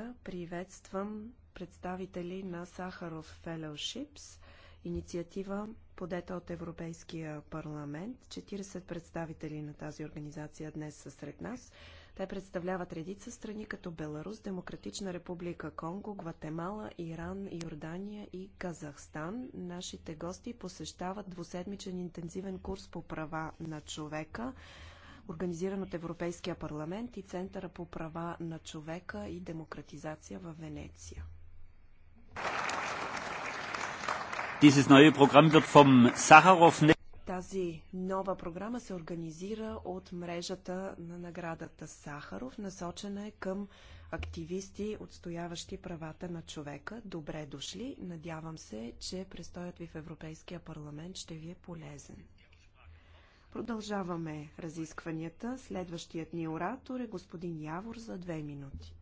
среща приветствам представители на Сахаров Fellowships, инициатива подета от Европейския парламент. 40 представители на тази организация днес са сред нас. Те представляват редица страни като Беларус, Демократична република Конго, Гватемала, Иран, Йордания и Казахстан. Нашите гости посещават двуседмичен интензивен курс по права на човека – организиран от Европейския парламент и Центъра по права на човека и демократизация в Венеция. Тази нова програма се организира от мрежата на наградата Сахаров, насочена е към активисти, отстояващи правата на човека. Добре дошли! Надявам се, че престоят ви в Европейския парламент ще ви е полезен. Продължаваме разискванията. Следващият ни оратор е господин Явор за две минути.